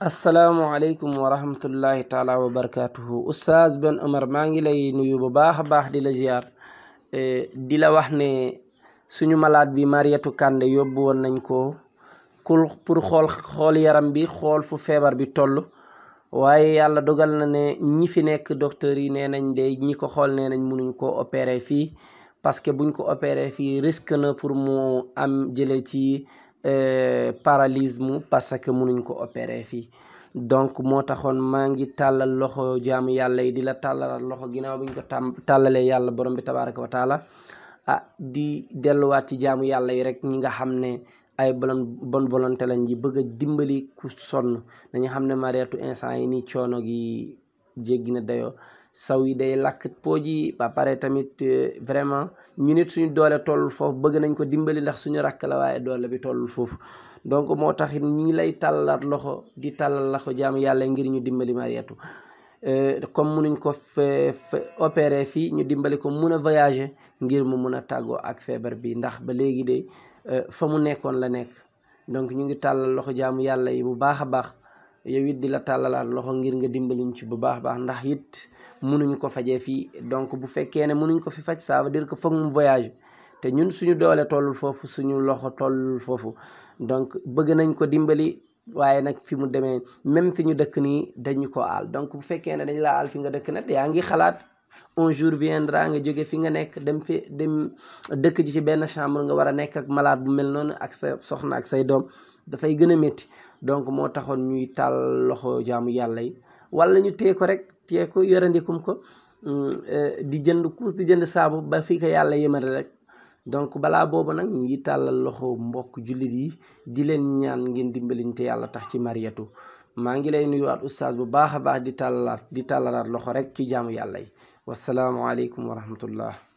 asalaamualeykum wa rahmatullahi taala wa barakaatuhu oustaz benn Omar maa ngi lay nuyu bu baax a baax di la ziar eh, di la wax ne suñu malaat bi Mariétou Kandé yóbbu woon nañ ko pour xool xool yaram bi xool fu feebar bi toll waaye yàlla dogal na ne ñi fi nekk docteur yi nee nañ de ñi ko xool nee nañ mënuñ koo opérer fii parce que buñ ko opérer fii risque na pour mu am jële ci Eh, paralysme parce que mënuñ ko opere fii donc moo taxoon maa ngi tàllal loxo jaamu yàlla yi di la tàllalal loxo ginaaw bi ñu ko tàm tàllalee yàlla borom bi tabaraka wa taala ah di delluwaat ci jaamu yàlla yi rek ñi nga xam ne ay bolon bonne volonté lañ ji bëgg a dimbali ku sonn dañu xam ne mareetu instant yi nii coono gi jéggi na dayoo saw yi day lakk pooj yi ba pare tamit euh, vraiment ñu nit suñu doole toll foofu bëgg nañ ko dimbali ndax suñu rakk la waaye doole bi toll foofu donc moo tax it ñi lay tàllalaat loxo di tàllal loxo jaam yàlla ngir ñu dimbali Mariétou euh, comme munuñ ko opéré fii ñu dimbali ko mun a voyager ngir mu mun a tàggoo ak feebar bi ndax ba léegi de euh, fa mu nekkoon la nekk donc ñu yàlla yi bu baax a baax yow it di la tàllalaat loxo ngir nga dimbaliñ ci bu baax baax ndax it munuñ ko fajee fii donc bu fekkee ne munuñ ko fi faj ça veut dire foog mu voyage te ñun suñu doolee tollul foofu suñu loxo tollul foofu donc bëgg nañ ko dimbali waaye nag fi mu demee même fi ñu dëkk nii dañu ko aal donc bu fekkee ne dañu laa aal fi nga dëkk nag yaa ngi xalaat un jour viendra nga jóge fi nga nekk dem fi dem dëkk ji ci benn chambre nga war a nekk ak malaat bu mel noonu ak sa soxna ak say doom dafay gën a métti donc moo taxoon ñuy taal loxo jaamu yàlla yi wala ñu tee ko rek tee ko yorandikum ko mm, eh, di jënd kuus di jënd saabu ba fii ko yàlla yemale rek donc balaa boobu nag ñu ngi tàllal loxo mbokk jullit yi di leen ñaan ngeen dimbaliñ te yàlla tax ci mariyatu maa ngi lay nuyuwaat oustaz bu baax a baax di tàllalaat di tàllalaat loxo rek ci jaamu yàlla yi wassalaamu aleykum wa rahmatullah